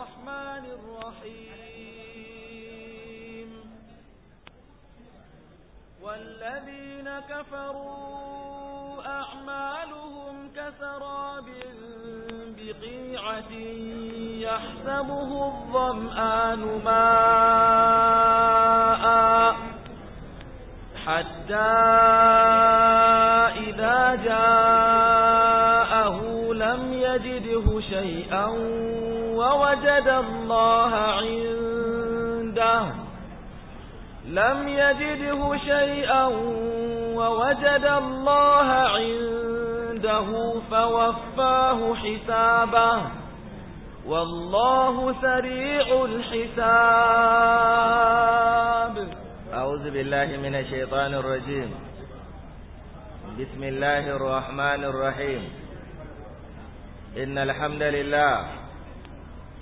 الرحمن الرحيم والذين كفروا أعمالهم كسراب بقيعة يحسبه الظمآن ماءً حتى إذا جاءه لم يجده شيئا وجد الله عنده لم يجده شيئا ووجد الله عنده فوفاه حسابه والله سريع الحساب أعوذ بالله من الشيطان الرجيم بسم الله الرحمن الرحيم إن الحمد لله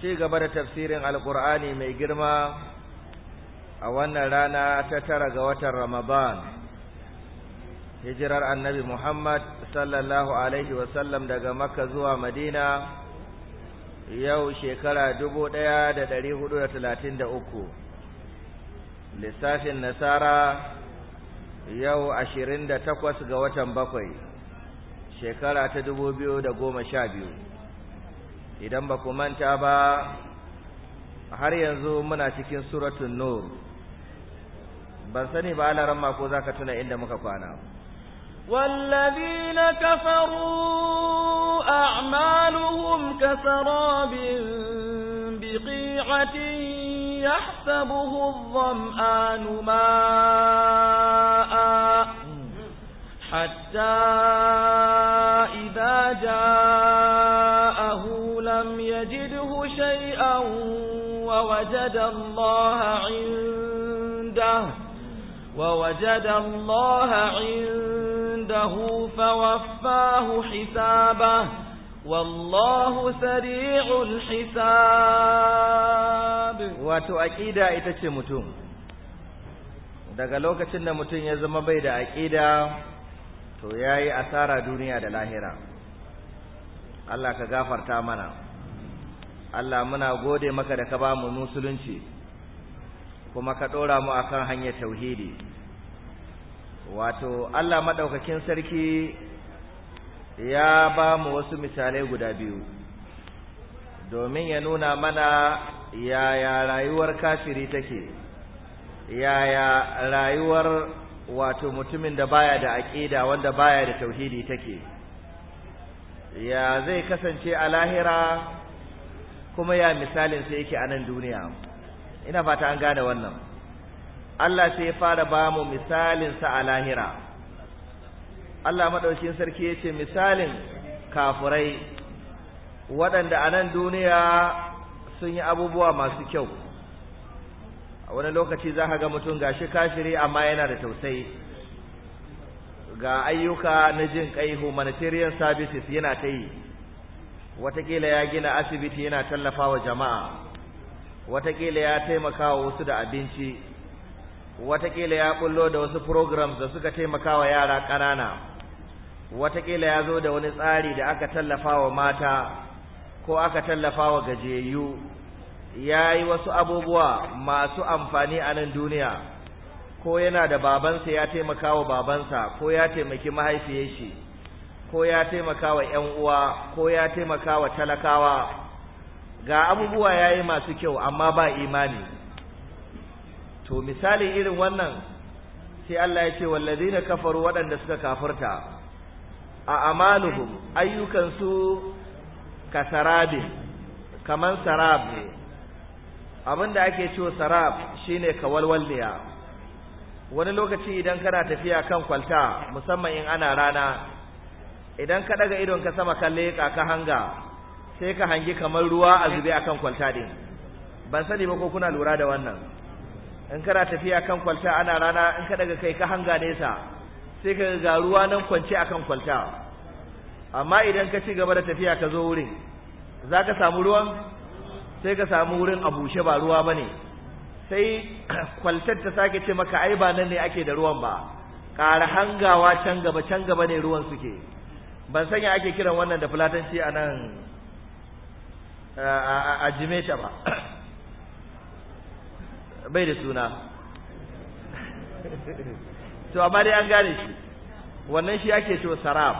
ci gaba da tafsirin alkur'ani mai girma a wannan rana ta tara ga watan ramadan hijirar annabi muhammad sallallahu alaihi wasallam daga makka zuwa madina yau shekara dubu ɗaya da dari hudu da talatin da uku lissafin nasara yau ashirin da takwas ga watan bakwai shekara ta dubu biyu da goma sha biyu idan ba ku manta ba har yanzu muna cikin suratun nur ban sani ba alaran ramma ko zaka tuna inda muka kwana والذين كفروا أعمالهم كسراب بقيعة يحسبه الظمآن ماء حتى إذا جاءه لم يجده شيئا ووجد الله عنده ووجد الله عنده فوفاه حسابه والله سريع الحساب wato aqida ita ce mutum daga lokacin da mutum ya zama bai da aƙida, to yayi asara duniya da lahira Allah ka gafarta mana Allah muna gode maka da ka ba mu musulunci kuma ka ɗora mu akan hanyar tauhidi wato Allah maɗaukakin sarki ya ba mu wasu misalai guda biyu domin ya nuna mana yaya rayuwar kafiri take yaya rayuwar wato mutumin da baya da aƙida wanda baya da tauhidi take ya zai kasance a lahira kuma ya misalin sai yake a nan duniya ina fata an gane wannan Allah sai ya fara ba mu misalin sa a lahira Allah madaukin sarki yace misalin kafurai waɗanda a nan duniya sun yi abubuwa masu kyau a wani lokaci za ka ga mutum gashi kafiri amma yana da tausayi ga ayyuka na jin kai humanitarian services yana ta yi watakila ya gina asibiti yana tallafa wa jama'a watakila ya taimaka wa wasu da abinci watakila ya bullo da wasu programs da suka taimaka wa yara ƙanana watakila ya zo da wani tsari da aka tallafa wa mata ko aka tallafa wa gajiyayyu ya yi wasu abubuwa masu amfani a nan duniya ko yana da babansa ya taimaka wa babansa ko ya taimaki mahaifiyar ko ya taimaka wa ‘yan uwa ko ya taimaka wa talakawa ga abubuwa ya yi masu kyau amma ba imani to misali irin wannan sai Allah ya ce wallazi na kafaru waɗanda suka kafurta a amaluhum ayyukansu ka kamar kaman sarab ne abinda ake cewa sarab shine kawalwalliya wani lokaci idan kana tafiya kan kwalta musamman in ana rana idan ka daga idon ka sama kalle leƙa ka hanga sai ka hangi kamar ruwa a zube akan kwalta din ban sani ba ko kuna lura da wannan in kana tafiya kan kwalta ana rana in ka daga kai ka hanga nesa sai ka ga ruwa nan kwance akan kwalta amma idan ka ci gaba da tafiya ka zo wurin zaka samu ruwan sai ka samu wurin a bushe ba ruwa bane ne sai kwaltar ta sake ce maka ai ba nan ne ake da ruwan ba ƙara hangawa can gaba can gaba ne ruwan suke ban sanya ake kiran wannan da fulatanci a nan a jime ta ba bai da suna to amma dai an gane shi wannan shi ake cewa sarab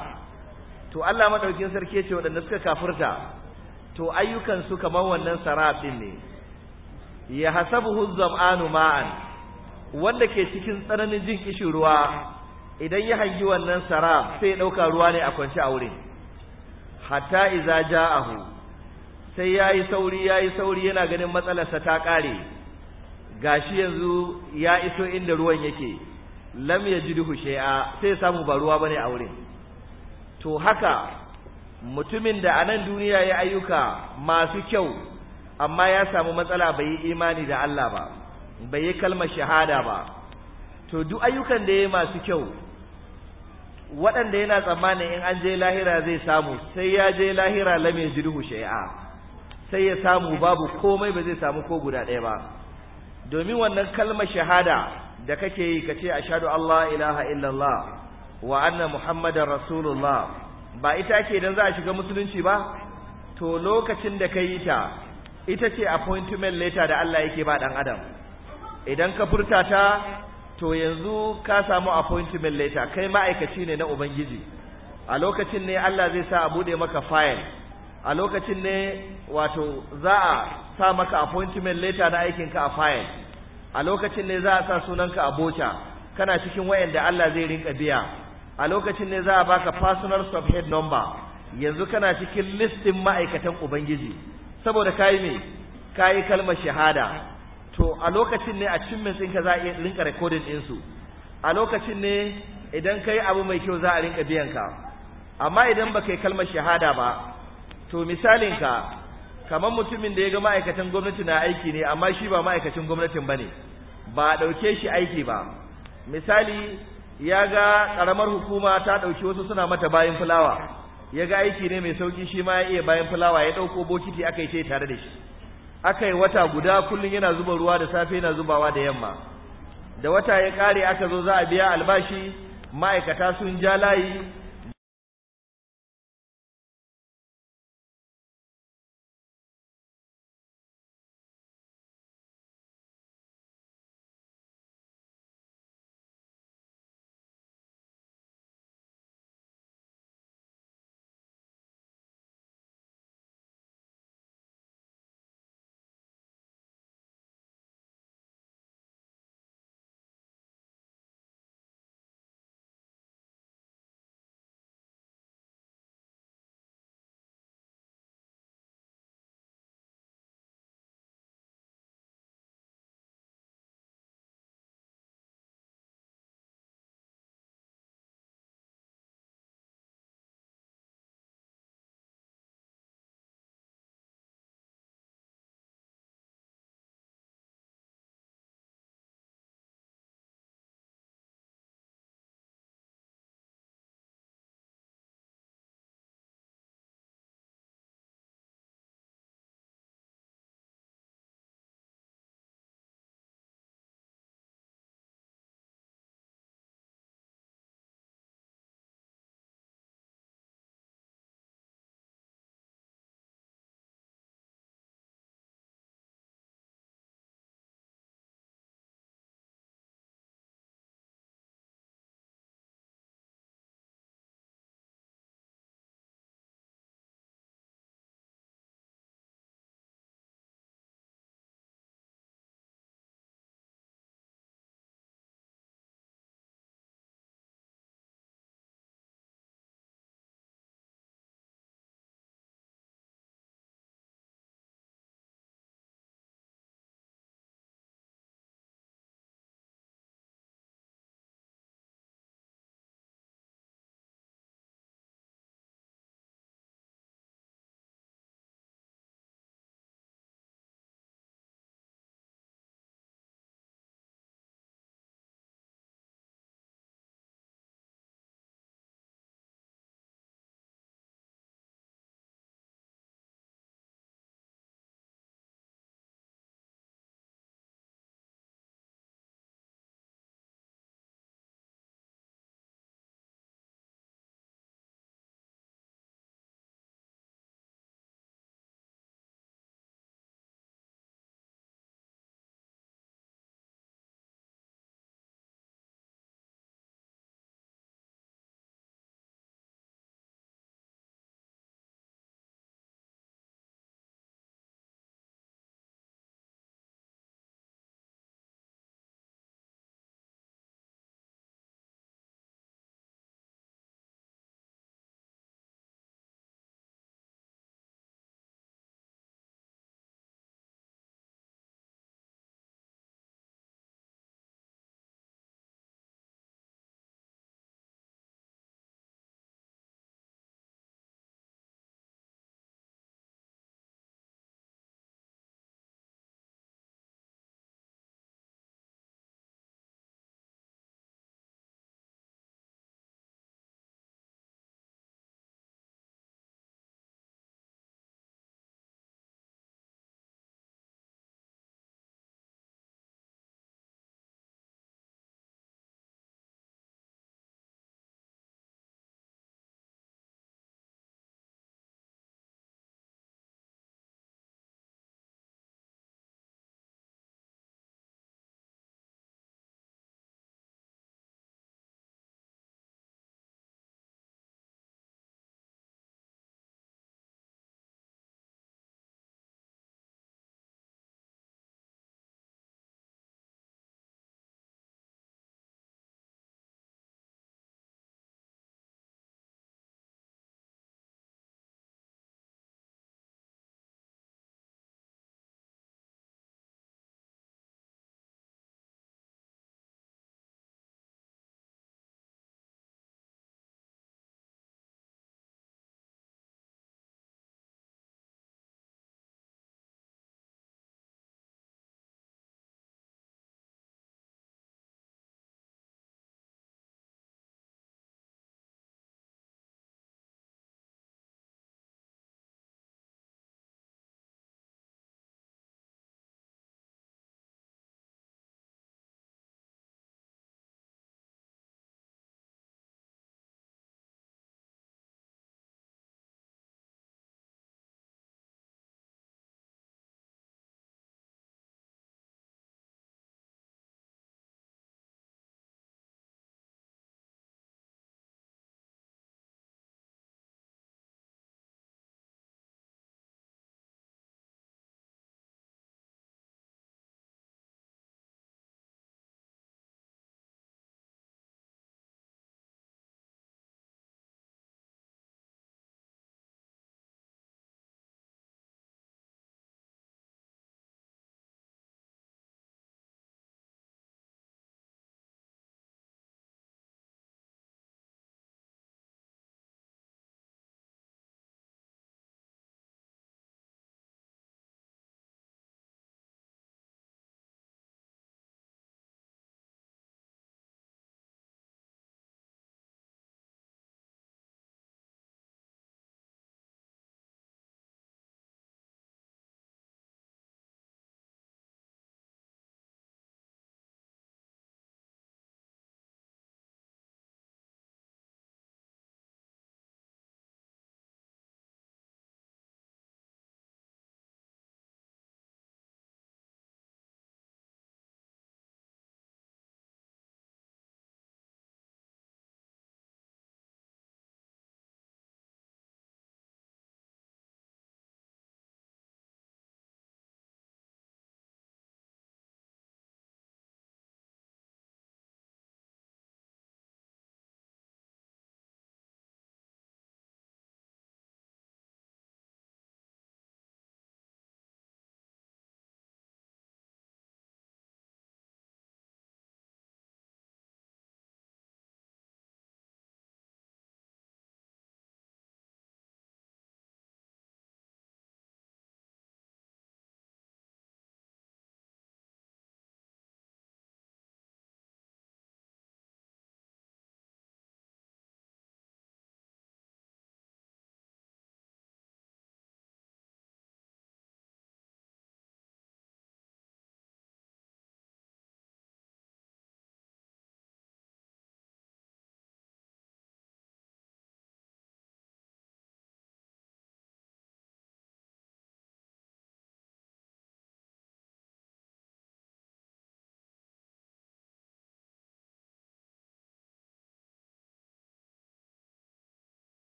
to Allah madaukin sarki ya ce waɗanda suka kafirta to ayyukan su kamar wannan sarab ɗin ne ya hasabuhu zam'anu ma'an wanda ke cikin tsananin jin kishin ruwa idan ya hangi wannan sara sai ya dauka ruwa ne a kwance a wurin hatta iza ja'ahu sai yayi sauri yayi sauri yana ganin matsalarsa ta kare gashi yanzu ya iso inda ruwan yake lam duhu shay'a sai samu ba ruwa bane a wurin to haka mutumin da a nan duniya ya ayyuka masu kyau amma ya samu matsala bai yi imani da Allah ba bai yi kalmar shahada ba to duk ayyukan da ya masu kyau waɗanda yana tsammanin in an je lahira zai samu sai ya je lahira mai jirhu shai'a sai ya samu babu komai ba zai samu ko guda ɗaya ba domin wannan kalmar shahada da kake yi kace ashhadu Allah ilaha illallah wa anna muhammadar rasulullah ba ita ce dan za a shiga musulunci ba to lokacin da ka yi ta ita ce appointment letter da Allah yake ba dan adam idan ka furta ta to yanzu ka samu appointment letter kai ma'aikaci ne na ubangiji a lokacin ne Allah zai sa a bude maka file a lokacin ne wato za a sa maka appointment letter na aikinka a file a lokacin ne za a sa sunanka a bocha kana cikin wayanda Allah zai rinka biya a lokacin ne za a baka personal subhead number yanzu kana cikin listin ma'aikatan ubangiji saboda kayi me kayi kalmar shahada to a lokacin ne a mai tsinka za a iya rinka recording su a lokacin ne idan ka yi abu mai kyau za a rinka biyan ka amma idan ba ka yi kalmar shahada ba to misalin ka kamar mutumin da ya ga ma'aikatan gwamnati na aiki ne amma shi ba ma'aikacin gwamnatin ba ne ba a ɗauke shi aiki ba misali ya ga ƙaramar hukuma ta ɗauki wasu suna mata bayan fulawa ya ga aiki ne mai sauki shi ma ya iya bayan fulawa ya ɗauko bokiti aka yi ce tare da shi aka yi wata guda kullum yana zuba ruwa da safe yana zubawa da yamma da wata ya ƙare aka zo za a biya albashi ma'aikata sun ja layi